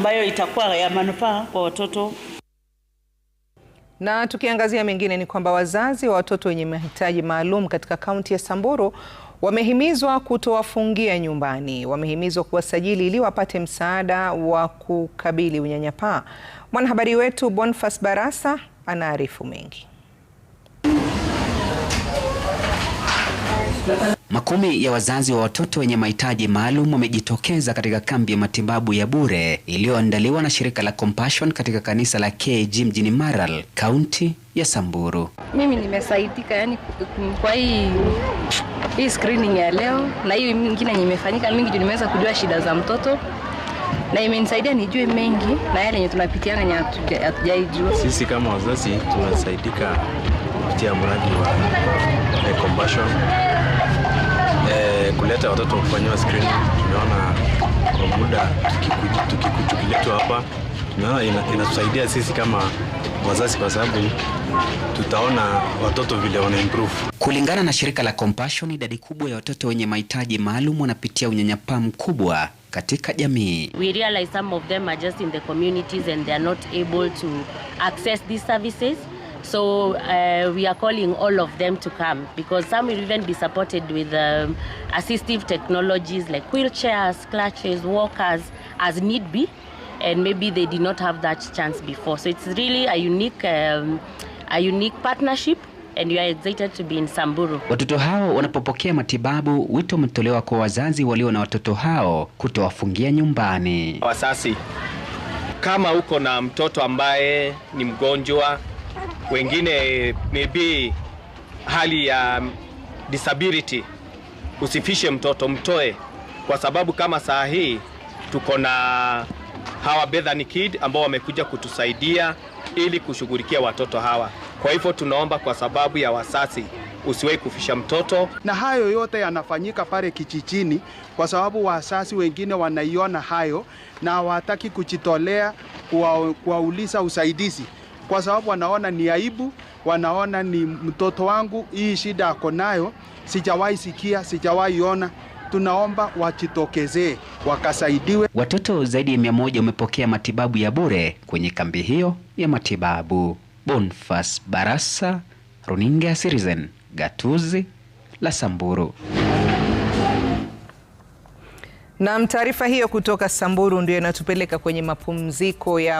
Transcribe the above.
ambayo itakuwa ya manufaa kwa watoto. Na tukiangazia mengine ni kwamba wazazi wa watoto wenye mahitaji maalum katika kaunti ya Samburu wamehimizwa kutowafungia nyumbani. Wamehimizwa kuwasajili ili wapate msaada wa kukabili unyanyapaa. Mwanahabari wetu Bonfas Barasa anaarifu mengi. Makumi ya wazazi wa watoto wenye mahitaji maalum wamejitokeza katika kambi ya matibabu ya bure iliyoandaliwa na shirika la Compassion katika kanisa la KG mjini Maral, kaunti ya Samburu. Mimi nimesaidika yani kwa hii hii screening ya leo na hiyo nyingine nimefanyika mingi juu nimeweza kujua shida za mtoto na imenisaidia nijue mengi na yale yenye tunapitiana yenye hatujaijua. Sisi kama wazazi tunasaidika kupitia mradi wa eh, Compassion kuleta watoto kufanyiwa screen Tumeona kwa muda tukikuchukuliwa hapa, tumeona inatusaidia sisi kama wazazi, kwa sababu tutaona watoto vile wana improve. Kulingana na shirika la Compassion, idadi kubwa ya watoto wenye mahitaji maalum wanapitia unyanyapaa mkubwa katika jamii. We realize some of them are just in the communities and they are not able to access these services. So uh, we are calling all of them to come because some will even be supported with um, assistive technologies like wheelchairs, clutches, walkers as need be, and maybe they did not have that chance before. So it's really a unique, um, a unique partnership. And you are excited to be in Samburu. Watoto hao wanapopokea matibabu, wito umetolewa kwa wazazi walio na watoto hao kutowafungia nyumbani. Wasasi, kama uko na mtoto ambaye ni mgonjwa wengine maybe hali ya disability. Usifishe mtoto, mtoe, kwa sababu kama saa hii tuko na hawa Bethany Kid ambao wamekuja kutusaidia ili kushughulikia watoto hawa. Kwa hivyo tunaomba kwa sababu ya wasasi usiwahi kufisha mtoto. Na hayo yote yanafanyika pale kichichini, kwa sababu wasasi wengine wanaiona hayo na hawataki kujitolea kuwauliza usaidizi kwa sababu wanaona ni aibu, wanaona ni mtoto wangu, hii shida ako nayo, sijawahi sikia, sijawahi ona. Tunaomba wajitokezee wakasaidiwe. Watoto zaidi ya mia moja wamepokea matibabu ya bure kwenye kambi hiyo ya matibabu. Bonfas Barasa, runinga ya Citizen, gatuzi la Samburu. Nam, taarifa hiyo kutoka Samburu ndio inatupeleka kwenye mapumziko ya